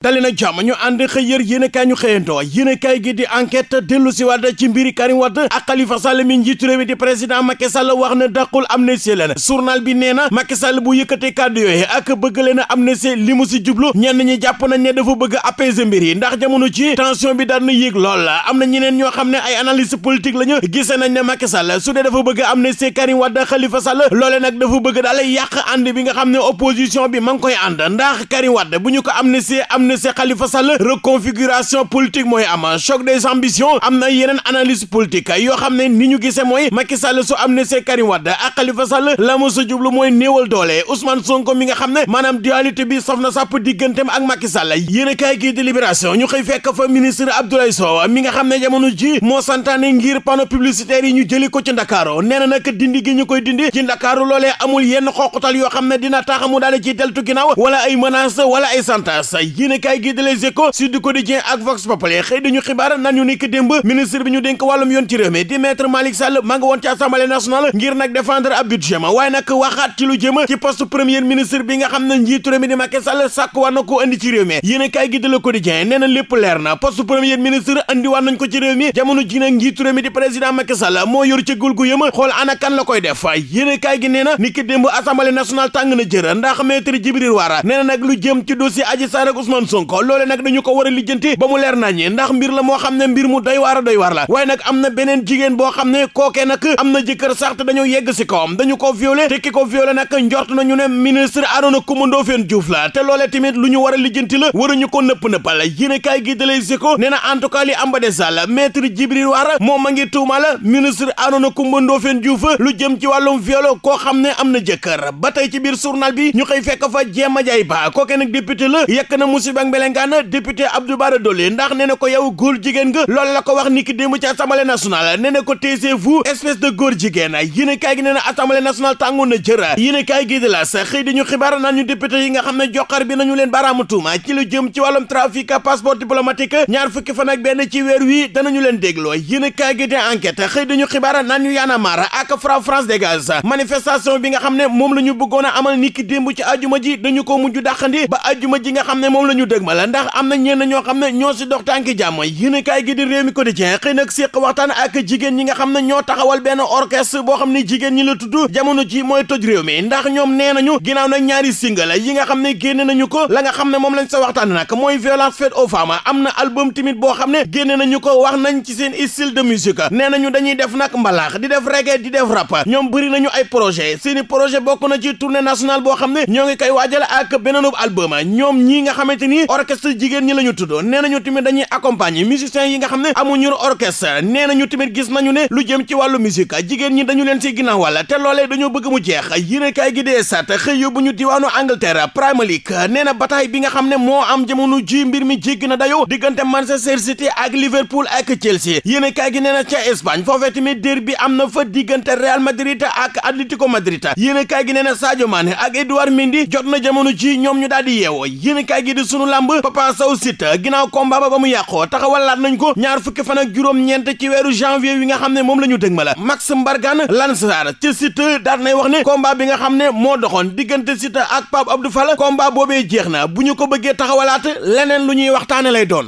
dali na jàmm ñu ànd xëy yër yéenekaay ñu xëyantoo yéenekaay gi di enquête dellu si waat ci mbiri Karim Wade ak Khalifa Sall mi njiitu réew mi di président Macky Sall wax na dàqul amnistie leen journal bi nee na Macky Sall bu yëkkatee kàddu yooyu ak bëgg leen a amnistie li mu si jublu ñenn ñi jàpp nañ ne dafa bëgg apaiser mbir yi ndax jamono ci tension bi daan na yéeg lool am na ñeneen ñoo xam ne ay analyse politique la ñu gisee nañ ne Macky Sall su dee dafa bëgg amnistie Karim Wade Khalifa Sall loole nag dafa bëgg daal yàq ànd bi nga xam ne opposition bi ma ngi koy ànd ndax Karim Wade bu ñu ko amnistie ne si Khalifa Sall reconfiguration politique mooy am choc des ambitions am na yeneen analyse politique yoo xam ne ni ñu gisee mooy Macky Sall su am ne see Karim Wade ak Khalifa la mu jublu mooy néewal doole Ousmane Sonko mi nga xam ne maanaam dualité bi saf na sàpp digganteem ak Macky Sall yéen a kaay gii di ñu xëy fekk fa ministre Abdoulaye Sow mi nga xam ne jamono ji moo santaane ngir panneau publicitaire yi ñu jëli ko ci Ndakaaru nee na nag dindi gi ñu koy dindi ci yéenekaay gi de Les Échos Sud Quotidien ak Vox Populi xëy dañu xibaar nan ñu nekk démb ministre bi ñu dénk wàllum yoon ci réew di maître Malick Sall maa nga ci assemblée nationale ngir nag défendre ab budget ma waaye nag waxaat ci lu jëm ci poste premier ministre bi nga xam ne njiitu réew di Macky Sall sàkk war na ko indi ci réew mi yéenekaay gi de Le Quotidien nee na lépp leer na poste premier ministre andi war nañ ko ci réew mi ji nag njiitu réew di président Sonko loole nag dañu ko war a lijjanti ba mu leer naññi ndax mbir la moo xam ne mbir mu doy waar a doy waar la waaye nag am na beneen jigéen boo xam ne kookee nag am na jëkkër sax te dañoo yegg si kawam dañu ko violé te ki ko violé nag njort nañu ne ministre Arona Coumba Ndoffène Diouf la te loolee tamit lu ñu war a lijjanti la waruñu ko nëpp nëppal yéen kaay gi dalee si ko nee na en tout cas li am ba des la maître Djibril War moom ma ngi tuuma la ministre Arona Coumba Ndoffène Diouf lu jëm ci wàllum violé koo xam ne am na jëkkër ba tey ci biir journal bi ñu xëy fekk fa jéem a jaay ba kookee nag député na musiba ak mbelenkaan député Abdou Bara Dolly ndax nee ko yow góor jigéen nga loolu la ko wax ni démb ci assemblée nationale nee ko taisez-vous espèce de góor jigéen a kaay gi nee na assemblée nationale na jër a kaay gi di la xëy di xibaar naan ñu député yi nga xam ne joxar bi nañu leen baaraamu tuuma ci lu jëm ci wàllum trafic passeport diplomatique ñaar fukki fan benn ci weer wi danañu leen dégloo yéen a kaay gi xëy di xibaar naan a dëgmal ndax am na ñenn ñoo xam ne ñoo si dox tànki jàmm yéen kaay gi di réew mi quotidien xëy nag séq waxtaan ak jigéen ñi nga xam ne ñoo taxawal benn orchestre boo xam ne jigéen ñi la tudd jamono ji mooy toj réew mi ndax ñoom nee nañu ginnaaw nag ñaari single yi nga xam ne na nañu ko la nga xam ne moom lañ sa waxtaan nag mooy violence faite aux femmes am na album timit boo xam ne génne nañu ko wax nañ ci seen style de musique nee def nag mbalaax di def reggae di def rap ñoom bëri nañu ay projet seeni projet bokk na ci tournée nationale boo xam ne ñoo ngi koy waajal ak beneenub album ni yi orchestre jigéen ñi la ñu tudd nee nañu tamit dañuy accompagner musiciens yi nga xam ne amuñu orchestre nee nañu tamit gis nañu ne lu jëm ci wàllu musique jigéen ñi dañu leen si ginnaawal te loolee dañoo bëgg mu jeex yéene kaay gi dee sat xëy ñu diwaanu Angleterre Premier League na bataay bi nga xam ne moo am jamono ji mbir mi jéggi na dayo diggante Manchester City ak Liverpool ak Chelsea yéene kaay gi nee na ca Espagne foofee tamit derby am na fa diggante Real Madrid ak Atlético Madrid yéene kaay gi nee na Sadio Mané ak Edouard Mendy jot na jamono ji ñoom ñu daal di làmb Papa Sow Siteu ginnaaw combat ba ba mu yàqoo taxawalaat nañ ko ñaar fukki fan ak juróom-ñeent ci weeru janvier wi nga xam ne moom la ñu dëgmal Max Mbargane Lansar ci Siteu daat nay wax ne combat bi nga xam ne moo doxoon diggante Siteu ak Pape Abdou Fall combat boobee jeex na bu ñu ko bëggee taxawalaat leneen lu ñuy waxtaane lay doon